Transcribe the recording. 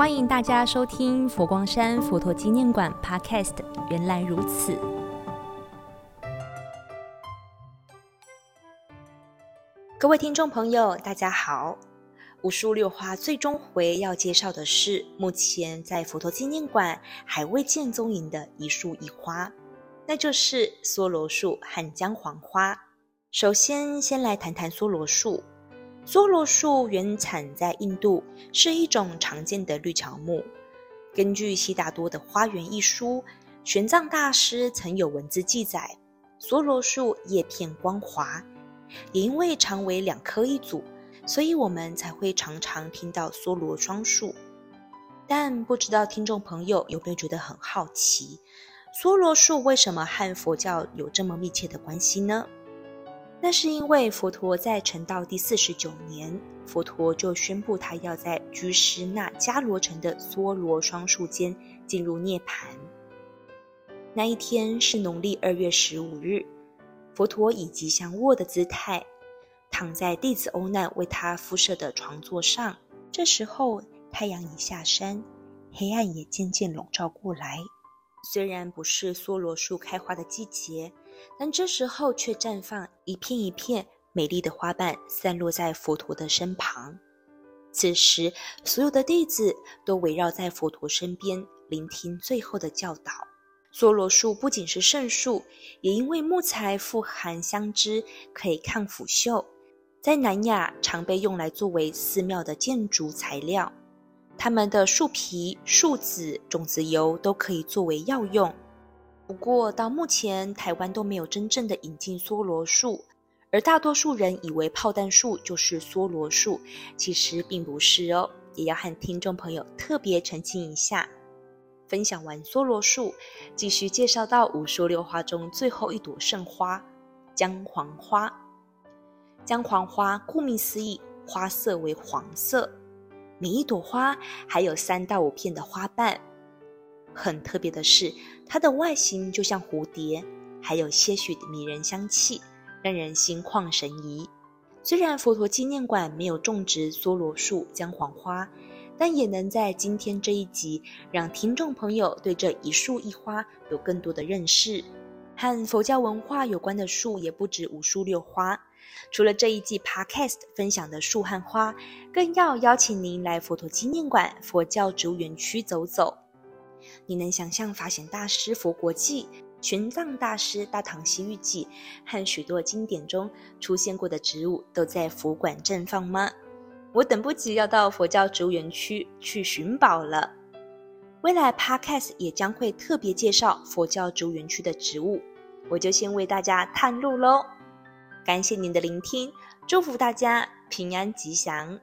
歡迎大家收聽佛光山佛陀紀念館 Podcast《原來如此》。各位聽眾朋友，大家好。五樹六花最終回要介紹的是，目前在佛陀紀念館還未見蹤影的一樹一花，那就是娑羅樹和薑黃花。首先，先來談談娑羅樹。娑羅樹原產在印度，是一種常見的綠喬木。根據《悉達多的花園》一書，玄奘大師曾有文字記載：娑羅樹葉片光滑，也因為常為兩棵一組，所以我們才會常常聽到“娑羅雙樹”。但不知道聽眾朋友有沒有覺得很好奇，娑羅樹為什麼和佛教有這麼密切的關係呢？那是因為佛陀在成道第四十九年，佛陀就宣布他要在拘屍那迦羅城的娑羅雙樹間進入涅槃。那一天是農曆二月十五日，佛陀以吉祥臥的姿態，躺在弟子阿難為他敷設的床座上。這時候，太陽已下山，黑暗也漸漸籠罩過來。雖然不是娑羅樹開花的季節，但這時候卻綻放一片一片美麗的花瓣，散落在佛陀的身旁。此時，所有的弟子都圍繞在佛陀身邊，聆聽最後的教導。娑羅樹不僅是聖樹，也因為木材富含香脂，可以抗腐朽，在南亞常被用來作為寺廟的建築材料。它們的樹皮、樹籽、種子油都可以作為藥用。不過到目前，台灣都沒有真正的引進梭羅樹，而大多數人以為炮彈樹就是梭羅樹，其實並不是哦，也要和聽眾朋友特別澄清一下。分享完梭羅樹，繼續介紹到五樹六花中最後一朵聖花——薑黃花。薑黃花顧名思義，花色為黃色。每一朵花還有三到五片的花瓣，很特別的是，它的外形就像蝴蝶，還有些許的迷人香氣，讓人心曠神怡。雖然佛陀紀念館沒有種植娑羅樹、薑黃花，但也能在今天這一集讓聽眾朋友對這一樹一花有更多的認識。和佛教文化有關的樹也不止五樹六花。除了這一季 podcast 分享的樹和花，更要邀請您來佛陀紀念館佛教植物園區走走。你能想象法顯大師《佛國記》、玄奘大師《大唐西域記》和許多經典中出現過的植物都在佛館綻放嗎？我等不及要到佛教植物園區去尋寶了。未來 podcast 也將會特別介紹佛教植物園區的植物，我就先為大家探路嘍。感謝您的聆聽，祝福大家平安吉祥。